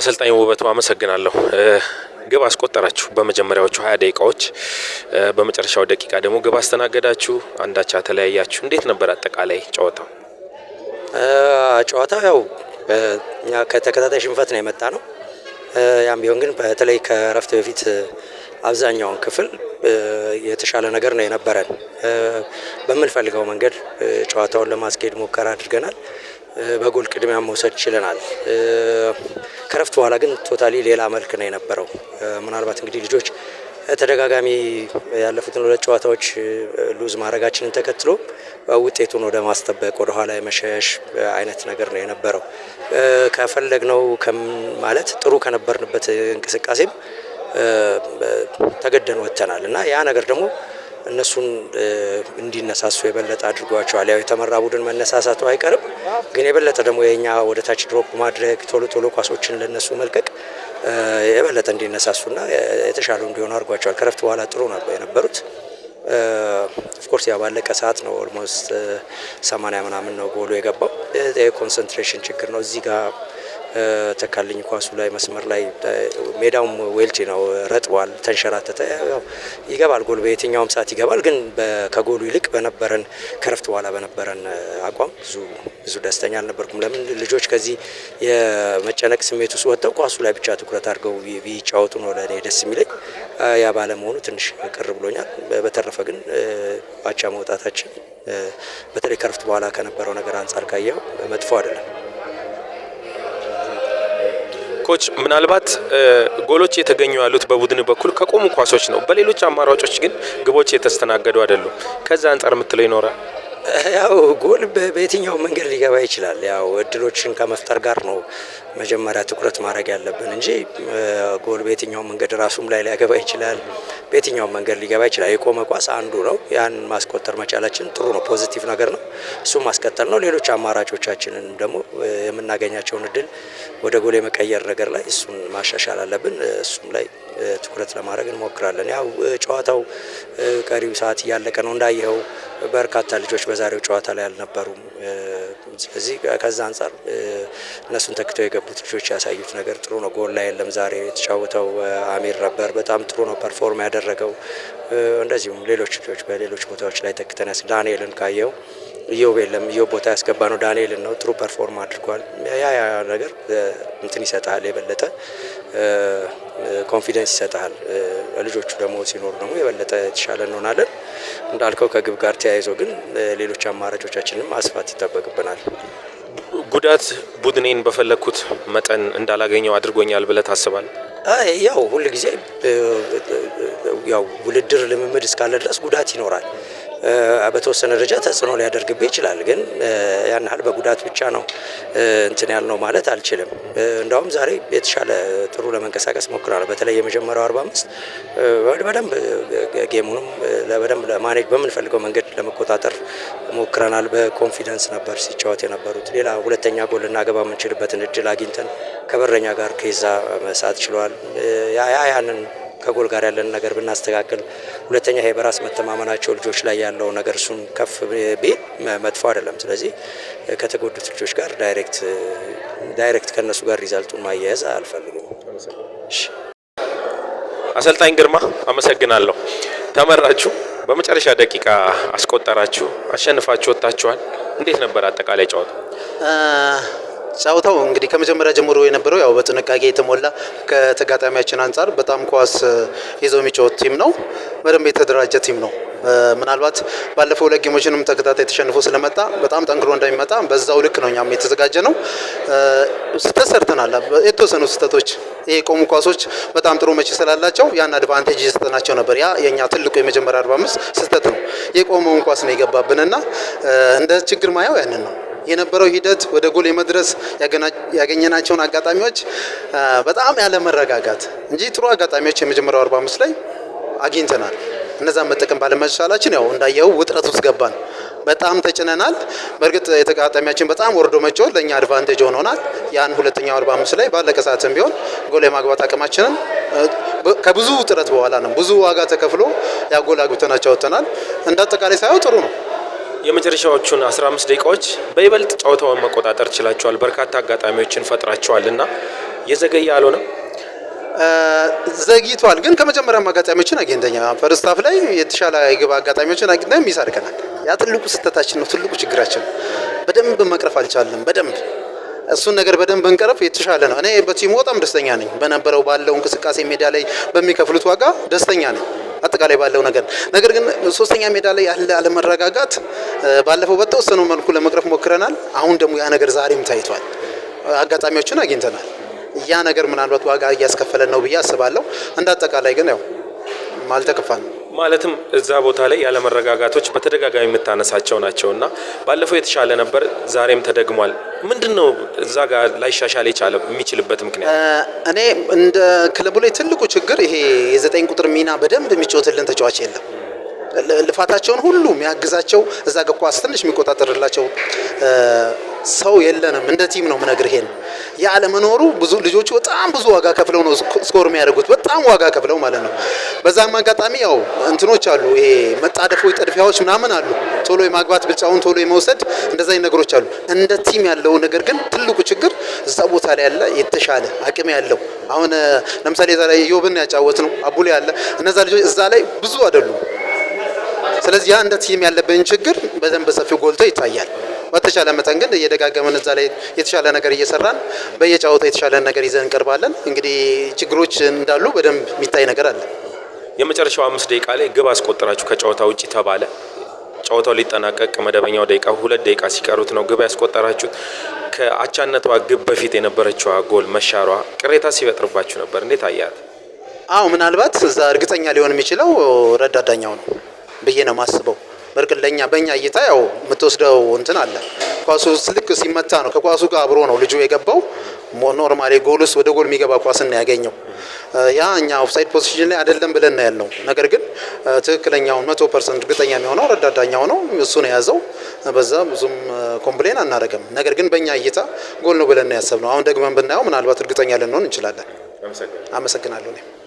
አሰልጣኝ ውበቱ አመሰግናለሁ። ግብ አስቆጠራችሁ በመጀመሪያዎቹ ሀያ ደቂቃዎች፣ በመጨረሻው ደቂቃ ደግሞ ግብ አስተናገዳችሁ፣ አንዳቻ ተለያያችሁ። እንዴት ነበር አጠቃላይ ጨዋታው? ጨዋታው ያው እኛ ከተከታታይ ሽንፈት ነው የመጣ ነው። ያም ቢሆን ግን በተለይ ከረፍት በፊት አብዛኛውን ክፍል የተሻለ ነገር ነው የነበረን። በምንፈልገው መንገድ ጨዋታውን ለማስኬድ ሙከራ አድርገናል። በጎል ቅድሚያ መውሰድ ችለናል። ከረፍት በኋላ ግን ቶታሊ ሌላ መልክ ነው የነበረው። ምናልባት እንግዲህ ልጆች ተደጋጋሚ ያለፉትን ሁለት ጨዋታዎች ሉዝ ማድረጋችንን ተከትሎ ውጤቱን ወደ ማስጠበቅ ወደ ኋላ የመሸሽ አይነት ነገር ነው የነበረው። ከፈለግነው ማለት ጥሩ ከነበርንበት እንቅስቃሴም ተገደን ወጥተናል እና ያ ነገር ደግሞ እነሱን እንዲነሳሱ የበለጠ አድርጓቸዋል። ያው የተመራ ቡድን መነሳሳቱ አይቀርም፣ ግን የበለጠ ደግሞ የኛ ወደ ታች ድሮፕ ማድረግ ቶሎ ቶሎ ኳሶችን ለነሱ መልቀቅ የበለጠ እንዲነሳሱና የተሻሉ እንዲሆኑ አድርጓቸዋል። ከረፍት በኋላ ጥሩ ነበር የነበሩት። ኦፍኮርስ ያ ባለቀ ሰዓት ነው። ኦልሞስት ሰማንያ ምናምን ነው ጎሉ የገባው። የኮንሰንትሬሽን ችግር ነው እዚህ ጋር ተካልኝ ኳሱ ላይ መስመር ላይ ሜዳውም ዌልቲ ነው፣ ረጥቧል፣ ተንሸራተተ። ይገባል፣ ጎል በየትኛውም ሰዓት ይገባል። ግን ከጎሉ ይልቅ በነበረን ከረፍት በኋላ በነበረን አቋም ብዙ ብዙ ደስተኛ አልነበርኩም። ለምን ልጆች ከዚህ የመጨነቅ ስሜት ውስጥ ወጥተው ኳሱ ላይ ብቻ ትኩረት አድርገው ቢጫወቱ ነው ለእኔ ደስ የሚለኝ። ያ ባለመሆኑ ትንሽ ቅር ብሎኛል። በተረፈ ግን አቻ መውጣታችን በተለይ ከረፍት በኋላ ከነበረው ነገር አንጻር ካየው መጥፎ አይደለም። ኮች ምናልባት ጎሎች የተገኙ ያሉት በቡድን በኩል ከቆሙ ኳሶች ነው። በሌሎች አማራጮች ግን ግቦች የተስተናገዱ አይደሉም። ከዛ አንጻር የምትለው ይኖራል ያው ጎል በየትኛው መንገድ ሊገባ ይችላል። ያው እድሎችን ከመፍጠር ጋር ነው መጀመሪያ ትኩረት ማድረግ ያለብን እንጂ ጎል በየትኛው መንገድ ራሱም ላይ ሊያገባ ይችላል፣ በየትኛው መንገድ ሊገባ ይችላል። የቆመ ኳስ አንዱ ነው። ያን ማስቆጠር መቻላችን ጥሩ ነው፣ ፖዚቲቭ ነገር ነው። እሱም ማስቀጠል ነው። ሌሎች አማራጮቻችንን ደግሞ የምናገኛቸውን እድል ወደ ጎል የመቀየር ነገር ላይ እሱን ማሻሻል አለብን። እሱም ላይ ትኩረት ለማድረግ እንሞክራለን። ያው ጨዋታው ቀሪው ሰዓት እያለቀ ነው እንዳየኸው፣ በርካታ ልጆች በዛሬው ጨዋታ ላይ አልነበሩም። ስለዚህ ከዛ አንጻር እነሱን ተክተው የገቡት ልጆች ያሳዩት ነገር ጥሩ ነው። ጎል ላይ የለም ዛሬ የተጫወተው አሚር ነበር፣ በጣም ጥሩ ነው ፐርፎርም ያደረገው። እንደዚሁም ሌሎች ልጆች በሌሎች ቦታዎች ላይ ተክተነስ ዳንኤልን ካየው ኢዮብ የለም። ኢዮብ ቦታ ያስገባ ነው ዳንኤልን ነው። ጥሩ ፐርፎርም አድርጓል። ያ ያ ነገር እንትን ይሰጣል፣ የበለጠ ኮንፊደንስ ይሰጣል። ልጆቹ ደግሞ ሲኖሩ ደግሞ የበለጠ የተሻለ እንሆናለን። እንዳልከው ከግብ ጋር ተያይዞ ግን ሌሎች አማራጮቻችንም አስፋት ይጠበቅብናል። ጉዳት ቡድኔን በፈለግኩት መጠን እንዳላገኘው አድርጎኛል ብለህ ታስባለህ? ያው ሁልጊዜ ያው ውድድር ልምምድ እስካለ ድረስ ጉዳት ይኖራል። በተወሰነ ደረጃ ተጽዕኖ ሊያደርግብ ይችላል። ግን ያን ያህል በጉዳት ብቻ ነው እንትን ያልነው ማለት አልችልም። እንዳውም ዛሬ የተሻለ ጥሩ ለመንቀሳቀስ ሞክራለሁ። በተለይ የመጀመሪያው 45 በደንብ ጌሙንም በደንብ ለማኔጅ በምንፈልገው መንገድ ለመቆጣጠር ሞክረናል። በኮንፊደንስ ነበር ሲጫወት የነበሩት። ሌላ ሁለተኛ ጎል ልናገባ የምንችልበትን እድል አግኝተን ከበረኛ ጋር ከዛ መሳት ችሏል። ያ ያንን ከጎል ጋር ያለን ነገር ብናስተካክል ሁለተኛ ይሄ በራስ መተማመናቸው ልጆች ላይ ያለው ነገር እሱን ከፍ ቢል መጥፎ አይደለም። ስለዚህ ከተጎዱት ልጆች ጋር ዳይሬክት ዳይሬክት ከነሱ ጋር ሪዛልቱን ማያያዝ አልፈልግም። አሰልጣኝ ግርማ አመሰግናለሁ። ተመራችሁ፣ በመጨረሻ ደቂቃ አስቆጠራችሁ፣ አሸንፋችሁ ወጥታችኋል። እንዴት ነበር አጠቃላይ ጨዋታ? ጨዋታው እንግዲህ ከመጀመሪያ ጀምሮ የነበረው ያው በጥንቃቄ የተሞላ ከተጋጣሚያችን አንጻር በጣም ኳስ ይዞ የሚጫወት ቲም ነው። በደንብ የተደራጀ ቲም ነው። ምናልባት ባለፈው ሁለት ጌሞችንም ተከታታይ ተሸንፎ ስለመጣ በጣም ጠንክሮ እንደሚመጣ በዛው ልክ ነው እኛም የተዘጋጀ ነው። ስህተት ሰርተናል፣ የተወሰኑ ስህተቶች። ይሄ የቆሙ ኳሶች በጣም ጥሩ መቼ ስላላቸው ያን አድቫንቴጅ የሰጠናቸው ነበር። ያ የእኛ ትልቁ የመጀመሪያ 45 ስህተት ነው። የቆመውን ኳስ ነው የገባብንና እንደ ችግር ማየው ያንን ነው የነበረው ሂደት ወደ ጎል የመድረስ ያገኘናቸውን አጋጣሚዎች በጣም ያለመረጋጋት እንጂ ጥሩ አጋጣሚዎች የመጀመሪያው 45 ላይ አግኝተናል። እነዛን መጠቀም ባለመቻላችን ያው እንዳየው ውጥረት ውስጥ ገባን። በጣም ተጭነናል። በእርግጥ የተጋጣሚያችን በጣም ወርዶ መጮ ለእኛ አድቫንቴጅ ሆኖናል። ያን ሁለተኛው 45 ላይ ባለቀ ሰዓትም ቢሆን ጎል የማግባት አቅማችንን ከብዙ ውጥረት በኋላ ነው ብዙ ዋጋ ተከፍሎ ያ ጎል አግብተናቸው ወጥተናል። እንደ አጠቃላይ ሳየው ጥሩ ነው። የመጨረሻዎቹን 15 ደቂቃዎች በይበልጥ ጨዋታውን መቆጣጠር ችላቸዋል። በርካታ አጋጣሚዎችን ፈጥራቸዋል እና የዘገየ አልሆነም። ዘግይቷል፣ ግን ከመጀመሪያም አጋጣሚዎችን አግኝተኛ ፈርስታፍ ላይ የተሻለ የግብ አጋጣሚዎችን አግኝተ ሚስ ያ ትልቁ ስህተታችን ነው፣ ትልቁ ችግራችን በደንብ መቅረፍ አልቻለም። በደንብ እሱን ነገር በደንብ እንቀረፍ የተሻለ ነው። እኔ በቲሙ በጣም ደስተኛ ነኝ። በነበረው ባለው እንቅስቃሴ ሜዳ ላይ በሚከፍሉት ዋጋ ደስተኛ ነኝ። አጠቃላይ ባለው ነገር። ነገር ግን ሶስተኛ ሜዳ ላይ ያለ አለመረጋጋት ባለፈው በተወሰነው መልኩ ለመቅረፍ ሞክረናል። አሁን ደግሞ ያ ነገር ዛሬም ታይቷል። አጋጣሚዎችን አግኝተናል። ያ ነገር ምናልባት ዋጋ እያስከፈለን ነው ብዬ አስባለሁ። እንደ አጠቃላይ ግን ያው አልተከፋንም። ማለትም እዛ ቦታ ላይ ያለመረጋጋቶች በተደጋጋሚ የምታነሳቸው ናቸው እና ባለፈው የተሻለ ነበር፣ ዛሬም ተደግሟል። ምንድን ነው እዛ ጋር ላይሻሻል የቻለ የሚችልበት ምክንያት? እኔ እንደ ክለቡ ላይ ትልቁ ችግር ይሄ የዘጠኝ ቁጥር ሚና በደንብ የሚጫወትልን ተጫዋች የለም። ልፋታቸውን ሁሉ የሚያግዛቸው እዛ ጋር ኳስ ትንሽ የሚቆጣጠርላቸው ሰው የለንም። እንደ ቲም ነው ምነግርህ። ይሄን ያለመኖሩ ብዙ ልጆቹ በጣም ብዙ ዋጋ ከፍለው ነው ስኮር የሚያደርጉት፣ በጣም ዋጋ ከፍለው ማለት ነው። በዛም አጋጣሚ ያው እንትኖች አሉ፣ ይሄ መጣደፎች፣ ጥድፊያዎች ምናምን አሉ። ቶሎ የማግባት ብልጫውን ቶሎ የመውሰድ እንደዛ ነገሮች አሉ። እንደ ቲም ያለው ነገር ግን ትልቁ ችግር እዛ ቦታ ላይ ያለ የተሻለ አቅም ያለው አሁን ለምሳሌ ዛ ላይ ዮብን ያጫወት ነው አቡሌ ያለ እነዛ ልጆች እዛ ላይ ብዙ አይደሉም። ስለዚህ ያ እንደ ቲም ያለብን ችግር በደንብ በሰፊው ጎልቶ ይታያል። በተሻለ መጠን ግን እየደጋገመን እዛ ላይ የተሻለ ነገር እየሰራን በየጫወታ የተሻለ ነገር ይዘን እንቀርባለን። እንግዲህ ችግሮች እንዳሉ በደንብ የሚታይ ነገር አለ። የመጨረሻው አምስት ደቂቃ ላይ ግብ አስቆጠራችሁ ከጨዋታ ውጭ ተባለ። ጨዋታው ሊጠናቀቅ መደበኛው ደቂቃ ሁለት ደቂቃ ሲቀሩት ነው ግብ ያስቆጠራችሁት። ከአቻነቷ ግብ በፊት የነበረችዋ ጎል መሻሯ ቅሬታ ሲፈጥርባችሁ ነበር። እንዴት አያት? አዎ ምናልባት እዛ እርግጠኛ ሊሆን የሚችለው ረዳት ዳኛው ነው ብዬ ነው የማስበው። በእርግጥ ለእኛ በእኛ እይታ ያው የምትወስደው እንትን አለ። ኳሱ ልክ ሲመታ ነው ከኳሱ ጋር አብሮ ነው ልጁ የገባው። ኖርማሊ ጎል ውስጥ ወደ ጎል የሚገባ ኳስን ያገኘው። ያ እኛ ኦፍሳይድ ፖዚሽን ላይ አይደለም ብለን ነው ያለው ነገር ግን ትክክለኛውን መቶ ፐርሰንት እርግጠኛ የሚሆነው ረዳዳኛው ነው፣ እሱ ነው የያዘው። በዛ ብዙም ኮምፕሌን አናደርግም። ነገር ግን በእኛ እይታ ጎል ነው ብለን ነው ያሰብነው። አሁን ደግመን ብናየው ምናልባት እርግጠኛ ልንሆን እንችላለን። አመሰግናለሁ።